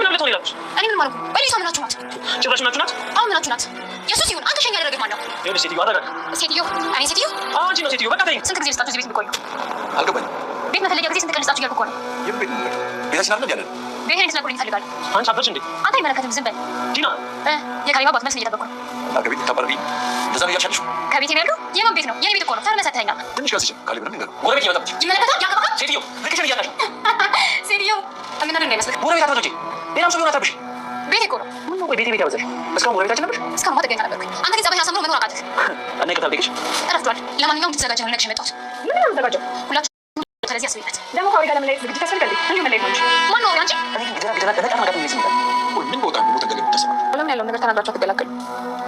ምን ብለህ ሌላ ናት? ጭራሽ ምናችሁ ናት? አሁን ምናችሁ ናት? የሱስ ሴትዮ ቤት የሚቆዩ? አልገባኝም። ስንት ቀን ልስጣችሁ እያልኩ እኮ ነው። ይብን ነው። ልክሽን እያላሽ የምታስጠሚና እንዳይመስልሽ ጎረቤት አትመጪ። ሌላም ሰው ቢሆን አትረብሽ። ቤቴ እኮ ነው። ምነው ቆይ ቤቴ ቤት ያበዛሽ? እስካሁን ጎረቤታችን ነበርሽ? እስካሁን ጥገኛ ነበርኩኝ። አንተ ግን ጸባይሽን አሳምሮ መኖር አቃተሽ እና ይቅርታ ልጠይቅሽ። እረፍዷል። ለማንኛውም ትዘጋጀ ነው ነግሽ የመጣሁት። ምን ነው የምዘጋጀው? ሁላችሁ ስለዚህ አስቤበት ደግሞ ከአውሬ ጋር ለመለያየት ዝግጅት ያስፈልጋል። እንዲሁ መለያየት ነው እንጂ ማን አውሬ? አንቺ ምን በወጣ ሞተ ገለ ተሰማ ለምን ያለውን ነገር ተናግራቸው ትገላገሉ።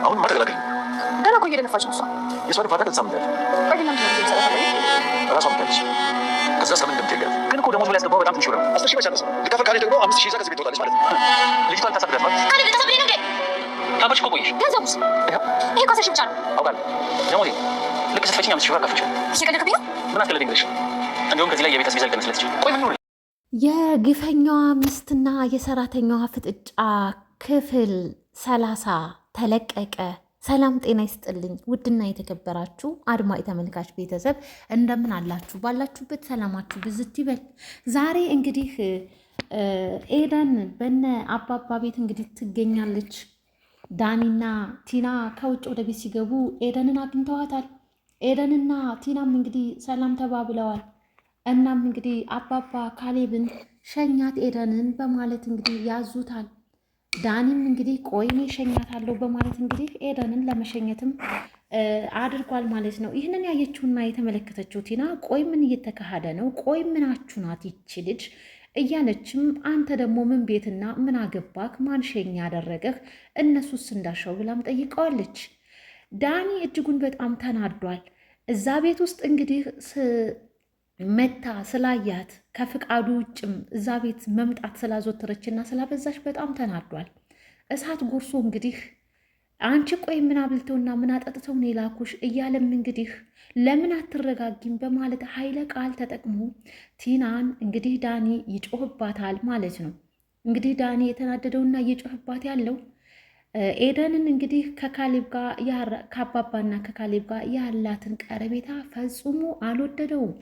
አሁን ማ ገና እኮ እየደነፋች ነው እሷ የእሷ ልፋታ ተሳምዳል። ራሷ ምታለች ከዛ እንደምትገል ግን እኮ ደሞዝ ብላ ያስገባው በጣም ትንሽ ነው። አስር ሺህ በቻለሰ ልከፍል ካለች ደግሞ አምስት ሺህ ይዛ ከዚህ ቤት ትወጣለች ማለት ልጅቷ ማለት እኮ ገንዘቡስ ይሄ ኳሰሽ ብቻ ነው አውቃለሁ። ደሞዜ ልክ አምስት ሺህ ብር አካፍልሻለሁ። ምን እንዲሁም ከዚህ ላይ ቆይ ምን የግፈኛዋ ሚስትና የሰራተኛዋ ፍጥጫ ክፍል ሰላሳ ተለቀቀ። ሰላም ጤና ይስጥልኝ። ውድና የተከበራችሁ አድማጭ ተመልካች ቤተሰብ እንደምን አላችሁ? ባላችሁበት ሰላማችሁ ብዝት ይበል። ዛሬ እንግዲህ ኤደን በነ አባባ ቤት እንግዲህ ትገኛለች። ዳኒና ቲና ከውጭ ወደ ቤት ሲገቡ ኤደንን አግኝተዋታል። ኤደንና ቲናም እንግዲህ ሰላም ተባብለዋል። እናም እንግዲህ አባባ ካሌብን ሸኛት ኤደንን በማለት እንግዲህ ያዙታል። ዳኒም እንግዲህ ቆይኔ እሸኛታለሁ በማለት እንግዲህ ኤደንን ለመሸኘትም አድርጓል ማለት ነው። ይህንን ያየችውና የተመለከተችው ቲና ቆይ ምን እየተካሄደ ነው? ቆይ ምናችሁ ናት ይቺ ልጅ እያለችም አንተ ደግሞ ምን ቤትና ምን አገባክ? ማን ሸኛ ያደረገህ? እነሱስ እንዳሻው ብላም ጠይቀዋለች። ዳኒ እጅጉን በጣም ተናዷል። እዛ ቤት ውስጥ እንግዲህ መታ ስላያት ከፍቃዱ ውጭም እዛ ቤት መምጣት ስላዞተረችና ስላበዛች በጣም ተናዷል። እሳት ጎርሶ እንግዲህ አንቺ ቆይ ምን አብልተውና ምን አጠጥተው ነው የላኩሽ? እያለም እንግዲህ ለምን አትረጋጊም በማለት ኃይለ ቃል ተጠቅሞ ቲናን እንግዲህ ዳኒ ይጮህባታል ማለት ነው። እንግዲህ ዳኒ የተናደደውና እየጮህባት ያለው ኤደንን እንግዲህ ከካሌብ ጋር ከአባባና ከካሌብ ጋር ያላትን ቀረቤታ ፈጽሞ አልወደደውም።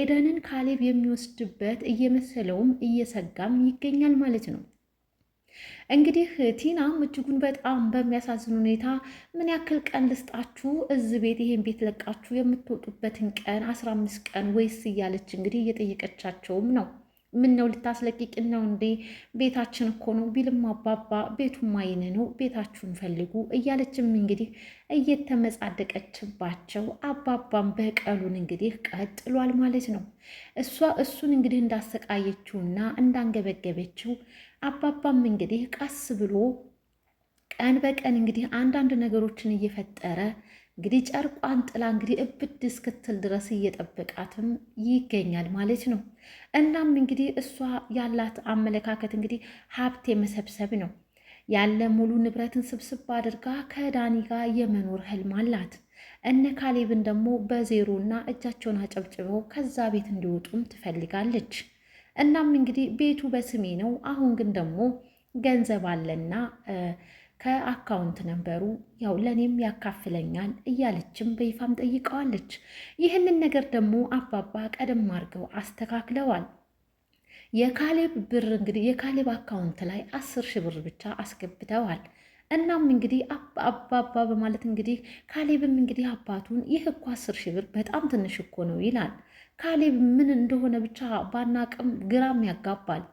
ኤደንን ካሌብ የሚወስድበት እየመሰለውም እየሰጋም ይገኛል ማለት ነው። እንግዲህ ቲናም እጅጉን በጣም በሚያሳዝን ሁኔታ ምን ያክል ቀን ልስጣችሁ እዚ ቤት ይሄን ቤት ለቃችሁ የምትወጡበትን ቀን አስራ አምስት ቀን ወይስ እያለች እንግዲህ እየጠየቀቻቸውም ነው ምን ነው ልታስለቅቅ ነው እንዴ? ቤታችን እኮ ነው ቢልም አባባ ቤቱም አይን ነው ቤታችሁን ፈልጉ እያለችም እንግዲህ እየተመጻደቀችባቸው አባባም በቀሉን እንግዲህ ቀጥሏል ማለት ነው። እሷ እሱን እንግዲህ እንዳሰቃየችውና እንዳንገበገበችው አባባም እንግዲህ ቀስ ብሎ ቀን በቀን እንግዲህ አንዳንድ ነገሮችን እየፈጠረ እንግዲህ ጨርቋን ጥላ እንግዲህ እብድ እስክትል ድረስ እየጠበቃትም ይገኛል ማለት ነው። እናም እንግዲህ እሷ ያላት አመለካከት እንግዲህ ሀብት የመሰብሰብ ነው። ያለ ሙሉ ንብረትን ስብስብ አድርጋ ከዳኒ ጋር የመኖር ህልም አላት። እነ ካሌብን ደግሞ በዜሮና እጃቸውን አጨብጭበው ከዛ ቤት እንዲወጡም ትፈልጋለች። እናም እንግዲህ ቤቱ በስሜ ነው፣ አሁን ግን ደግሞ ገንዘብ አለና ከአካውንት ነበሩ ያው ለእኔም ያካፍለኛል እያለችም በይፋም ጠይቀዋለች። ይህንን ነገር ደግሞ አባባ ቀደም አድርገው አስተካክለዋል። የካሌብ ብር እንግዲህ የካሌብ አካውንት ላይ አስር ሺህ ብር ብቻ አስገብተዋል። እናም እንግዲህ አባባ በማለት እንግዲህ ካሌብም እንግዲህ አባቱን ይህ እኮ አስር ሺህ ብር በጣም ትንሽ እኮ ነው ይላል። ካሌብ ምን እንደሆነ ብቻ ባናቅም ግራም ያጋባል።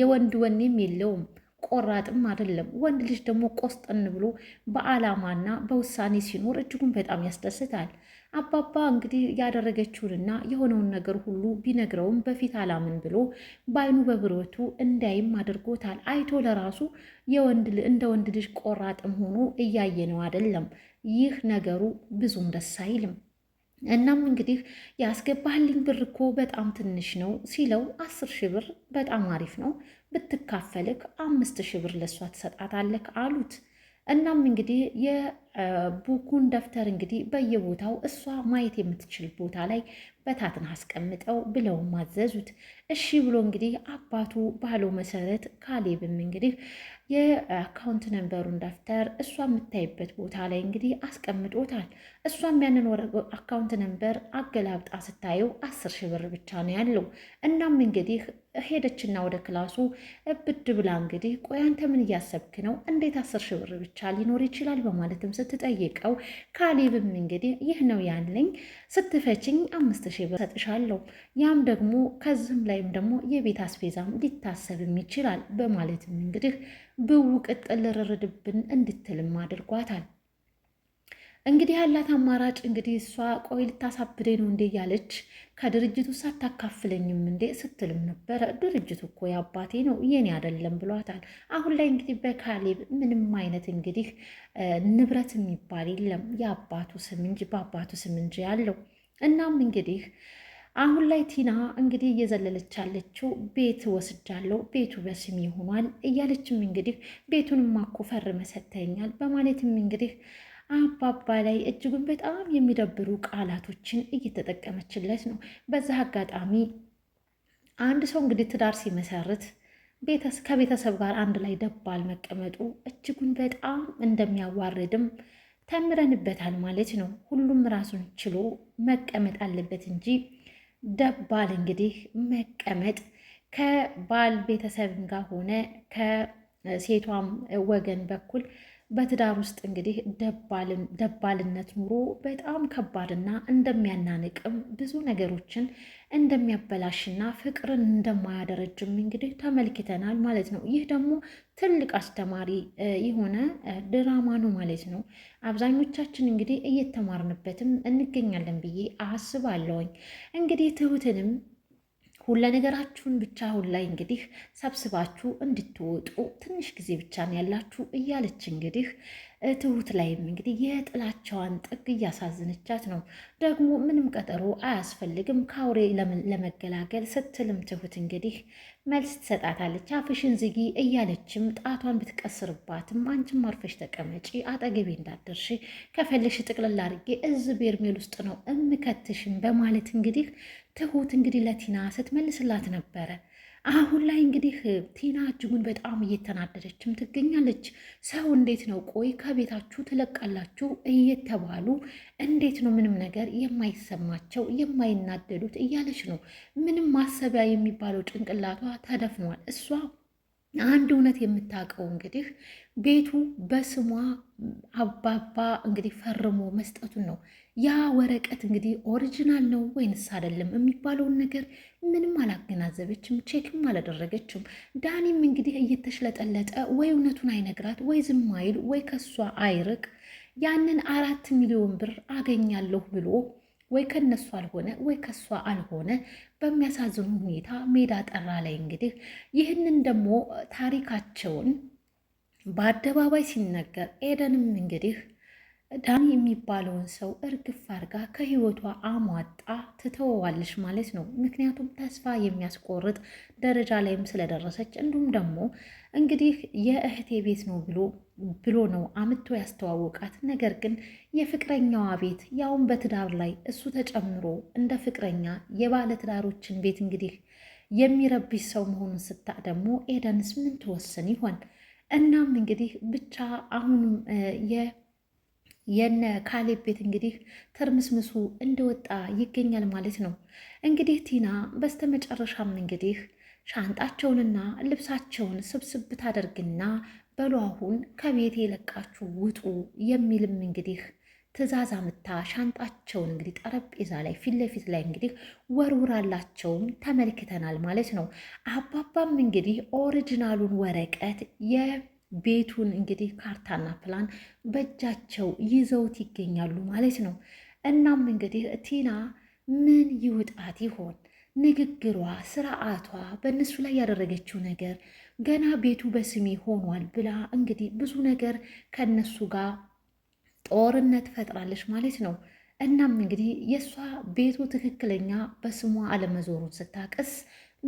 የወንድ ወኔም የለውም። ቆራጥም አይደለም። ወንድ ልጅ ደግሞ ቆስጠን ብሎ በዓላማና በውሳኔ ሲኖር እጅጉን በጣም ያስደስታል። አባባ እንግዲህ ያደረገችውንና የሆነውን ነገር ሁሉ ቢነግረውም በፊት አላምን ብሎ በአይኑ በብረቱ እንዳይም አድርጎታል። አይቶ ለራሱ እንደ ወንድ ልጅ ቆራጥም ሆኖ እያየ ነው አይደለም። ይህ ነገሩ ብዙም ደስ አይልም። እናም እንግዲህ ያስገባህልኝ ብር እኮ በጣም ትንሽ ነው ሲለው፣ አስር ሺህ ብር በጣም አሪፍ ነው ብትካፈልክ አምስት ሺህ ብር ለእሷ ትሰጣታለክ አሉት። እናም እንግዲህ የቡኩን ደብተር እንግዲህ በየቦታው እሷ ማየት የምትችል ቦታ ላይ በታትን አስቀምጠው ብለው ማዘዙት። እሺ ብሎ እንግዲህ አባቱ ባለው መሰረት ካሌብም እንግዲህ የአካውንት ነንበሩን ደብተር እሷ የምታይበት ቦታ ላይ እንግዲህ አስቀምጦታል። እሷም ያንን አካውንት ነንበር አገላብጣ ስታየው አስር ሺህ ብር ብቻ ነው ያለው። እናም እንግዲህ ሄደችና ወደ ክላሱ እብድ ብላ እንግዲህ ቆይ አንተ ምን እያሰብክ ነው? እንዴት አስር ሺህ ብር ብቻ ሊኖር ይችላል? በማለትም ስትጠይቀው ካሌብም እንግዲህ ይህ ነው ያለኝ፣ ስትፈችኝ አምስት ሺህ ብር ሰጥሻለሁ፣ ያም ደግሞ ከዚህም ላይም ደግሞ የቤት አስቤዛም ሊታሰብም ይችላል በማለትም እንግዲህ ብው ቅጥል ርርድብን እንድትልም አድርጓታል። እንግዲህ ያላት አማራጭ እንግዲህ እሷ ቆይ ልታሳብደኝ ነው እንዴ እያለች ከድርጅቱ ሳታካፍለኝም እንዴ ስትልም ነበረ። ድርጅቱ እኮ የአባቴ ነው የኔ አይደለም ብሏታል። አሁን ላይ እንግዲህ በካሌብ ምንም አይነት እንግዲህ ንብረት የሚባል የለም የአባቱ ስም እንጂ በአባቱ ስም እንጂ ያለው እናም እንግዲህ አሁን ላይ ቲና እንግዲህ እየዘለለች ያለችው ቤት ወስጃለሁ፣ ቤቱ በስሜ ሆኗል እያለችም እንግዲህ ቤቱን ማኮ ፈርመህ በማለትም እንግዲህ አባባ ላይ እጅጉን በጣም የሚደብሩ ቃላቶችን እየተጠቀመችለት ነው። በዛ አጋጣሚ አንድ ሰው እንግዲህ ትዳር ሲመሰርት ከቤተሰብ ጋር አንድ ላይ ደባል መቀመጡ እጅጉን በጣም እንደሚያዋርድም ተምረንበታል ማለት ነው። ሁሉም ራሱን ችሎ መቀመጥ አለበት እንጂ ደባል እንግዲህ መቀመጥ ከባል ቤተሰብ ጋር ሆነ ከሴቷም ወገን በኩል በትዳር ውስጥ እንግዲህ ደባልነት ኑሮ በጣም ከባድና እንደሚያናንቅም ብዙ ነገሮችን እንደሚያበላሽና ፍቅርን እንደማያደረጅም እንግዲህ ተመልክተናል ማለት ነው። ይህ ደግሞ ትልቅ አስተማሪ የሆነ ድራማ ነው ማለት ነው። አብዛኞቻችን እንግዲህ እየተማርንበትም እንገኛለን ብዬ አስባለሁኝ። እንግዲህ ትሁትንም ሁለ ነገራችሁን ብቻ አሁን ላይ እንግዲህ ሰብስባችሁ እንድትወጡ ትንሽ ጊዜ ብቻ ነው ያላችሁ እያለች እንግዲህ ትሁት ላይም እንግዲህ የጥላቸዋን ጥግ እያሳዝነቻት ነው። ደግሞ ምንም ቀጠሮ አያስፈልግም ከአውሬ ለመገላገል ስትልም ትሁት እንግዲህ መልስ ትሰጣታለች። አፍሽን ዝጊ እያለችም ጣቷን ብትቀስርባትም አንቺም አርፈሽ ተቀመጪ፣ አጠገቤ እንዳደርሽ ከፈለሽ ጥቅልል አድርጌ እዚህ በርሜል ውስጥ ነው እምከትሽም በማለት እንግዲህ ትሁት እንግዲህ ለቲና ስትመልስላት ነበረ። አሁን ላይ እንግዲህ ቲና እጅጉን በጣም እየተናደደችም ትገኛለች። ሰው እንዴት ነው ቆይ ከቤታችሁ ትለቃላችሁ እየተባሉ እንዴት ነው ምንም ነገር የማይሰማቸው የማይናደዱት እያለች ነው። ምንም ማሰቢያ የሚባለው ጭንቅላቷ ተደፍኗል። እሷ አንድ እውነት የምታውቀው እንግዲህ ቤቱ በስሟ አባባ እንግዲህ ፈርሞ መስጠቱን ነው። ያ ወረቀት እንግዲህ ኦሪጂናል ነው ወይንስ አይደለም የሚባለውን ነገር ምንም አላገናዘበችም፣ ቼክም አላደረገችም። ዳኒም እንግዲህ እየተሽለጠለጠ ወይ እውነቱን አይነግራት፣ ወይ ዝም አይል፣ ወይ ከሷ አይርቅ። ያንን አራት ሚሊዮን ብር አገኛለሁ ብሎ ወይ ከነሱ አልሆነ ወይ ከሷ አልሆነ። በሚያሳዝኑ ሁኔታ ሜዳ ጠራ ላይ እንግዲህ ይህንን ደግሞ ታሪካቸውን በአደባባይ ሲነገር ኤደንም እንግዲህ ዳኒ የሚባለውን ሰው እርግፍ አርጋ ከህይወቷ አሟጣ ትተወዋለች ማለት ነው። ምክንያቱም ተስፋ የሚያስቆርጥ ደረጃ ላይም ስለደረሰች እንዲሁም ደግሞ እንግዲህ የእህቴ ቤት ነው ብሎ ብሎ ነው አምቶ ያስተዋወቃት። ነገር ግን የፍቅረኛዋ ቤት ያውን በትዳር ላይ እሱ ተጨምሮ እንደ ፍቅረኛ የባለትዳሮችን ቤት እንግዲህ የሚረብሽ ሰው መሆኑን ስታ ደግሞ ኤደንስ ምን ትወስን ይሆን? እናም እንግዲህ ብቻ አሁንም የነ ካሌብ ቤት እንግዲህ ተርምስምሱ እንደወጣ ይገኛል ማለት ነው። እንግዲህ ቲና በስተመጨረሻም እንግዲህ ሻንጣቸውንና ልብሳቸውን ስብስብ ታደርግና በሉ አሁን ከቤት የለቃችሁ ውጡ የሚልም እንግዲህ ትዕዛዝ አምታ ሻንጣቸውን እንግዲህ ጠረጴዛ ላይ ፊት ለፊት ላይ እንግዲህ ወርውራላቸውም ተመልክተናል ማለት ነው። አባባም እንግዲህ ኦሪጂናሉን ወረቀት ቤቱን እንግዲህ ካርታና ፕላን በእጃቸው ይዘውት ይገኛሉ ማለት ነው። እናም እንግዲህ ቲና ምን ይውጣት ይሆን? ንግግሯ፣ ስርዓቷ፣ በእነሱ ላይ ያደረገችው ነገር ገና ቤቱ በስሜ ሆኗል ብላ እንግዲህ ብዙ ነገር ከነሱ ጋር ጦርነት ፈጥራለች ማለት ነው። እናም እንግዲህ የእሷ ቤቱ ትክክለኛ በስሟ አለመዞሩን ስታቅስ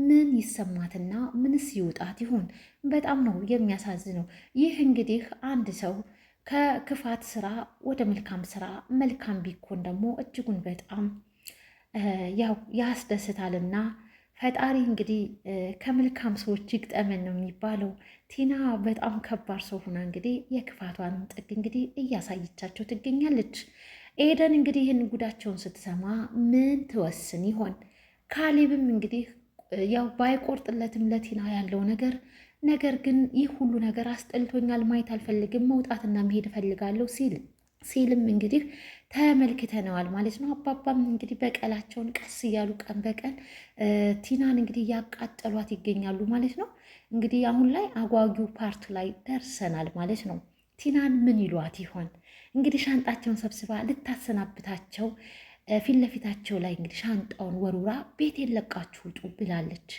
ምን ይሰማትና ምንስ ይውጣት ይሆን? በጣም ነው የሚያሳዝነው። ይህ እንግዲህ አንድ ሰው ከክፋት ስራ ወደ መልካም ስራ መልካም ቢኮን ደግሞ እጅጉን በጣም ያው ያስደስታልና ፈጣሪ እንግዲህ ከመልካም ሰዎች ይግጠመን ነው የሚባለው። ቲና በጣም ከባድ ሰው ሆና እንግዲህ የክፋቷን ጥግ እንግዲህ እያሳየቻቸው ትገኛለች። ኤደን እንግዲህ ይህን ጉዳቸውን ስትሰማ ምን ትወስን ይሆን? ካሌብም እንግዲህ ያው ባይቆርጥለትም ለቲና ያለው ነገር ነገር ግን ይህ ሁሉ ነገር አስጠልቶኛል፣ ማየት አልፈልግም፣ መውጣትና መሄድ እፈልጋለሁ ሲል ሲልም እንግዲህ ተመልክተነዋል ማለት ነው። አባባም እንግዲህ በቀላቸውን ቀስ እያሉ ቀን በቀን ቲናን እንግዲህ እያቃጠሏት ይገኛሉ ማለት ነው። እንግዲህ አሁን ላይ አጓጊው ፓርቱ ላይ ደርሰናል ማለት ነው። ቲናን ምን ይሏት ይሆን እንግዲህ ሻንጣቸውን ሰብስባ ልታሰናብታቸው ፊት ለፊታቸው ላይ እንግዲህ ሻንጣውን ወሩራ ቤት የለቃችሁ ውጡ ብላለች።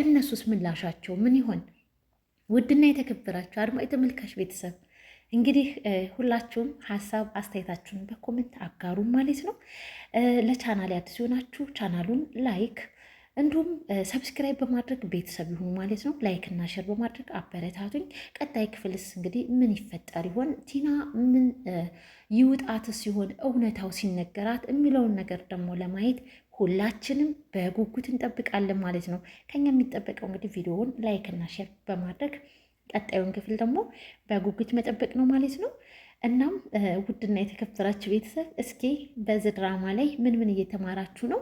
እነሱስ ምላሻቸው ምን ይሆን? ውድና የተከበራችሁ አድማ ተመልካች ቤተሰብ እንግዲህ ሁላችሁም ሀሳብ አስተያየታችሁን በኮመንት አጋሩ ማለት ነው። ለቻናል አዲስ ሲሆናችሁ ቻናሉን ላይክ እንዲሁም ሰብስክራይብ በማድረግ ቤተሰብ ይሁኑ ማለት ነው። ላይክ እና ሸር በማድረግ አበረታቱኝ። ቀጣይ ክፍልስ እንግዲህ ምን ይፈጠር ይሆን? ቲና ምን ይውጣትስ ሲሆን እውነታው ሲነገራት የሚለውን ነገር ደግሞ ለማየት ሁላችንም በጉጉት እንጠብቃለን ማለት ነው። ከኛ የሚጠበቀው እንግዲህ ቪዲዮውን ላይክ እና ሼር በማድረግ ቀጣዩን ክፍል ደግሞ በጉጉት መጠበቅ ነው ማለት ነው። እናም ውድና የተከበራችሁ ቤተሰብ እስኪ በዚህ ድራማ ላይ ምን ምን እየተማራችሁ ነው?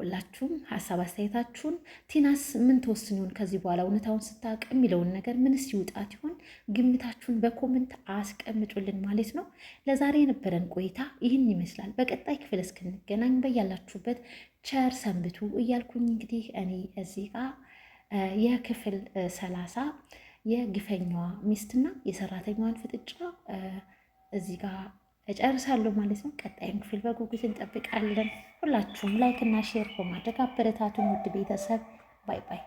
ሁላችሁም ሀሳብ አስተያየታችሁን ቲናስ ምን ተወስን ይሆን ከዚህ በኋላ እውነታውን ስታውቅ የሚለውን ነገር ምንስ ይውጣት ይሆን ግምታችሁን በኮመንት አስቀምጡልን ማለት ነው ለዛሬ የነበረን ቆይታ ይህን ይመስላል በቀጣይ ክፍል እስክንገናኝ በያላችሁበት ቸር ሰንብቱ እያልኩኝ እንግዲህ እኔ እዚህ ጋር የክፍል ሰላሳ የግፈኛዋ ሚስትና የሰራተኛዋን ፍጥጫ እዚህ ጋር እጨርሳለሁ ማለት ነው። ቀጣይም ክፍል በጉጉት እንጠብቃለን። ሁላችሁም ላይክ እና ሼር በማድረግ አበረታቱን ውድ ቤተሰብ። ባይ ባይ።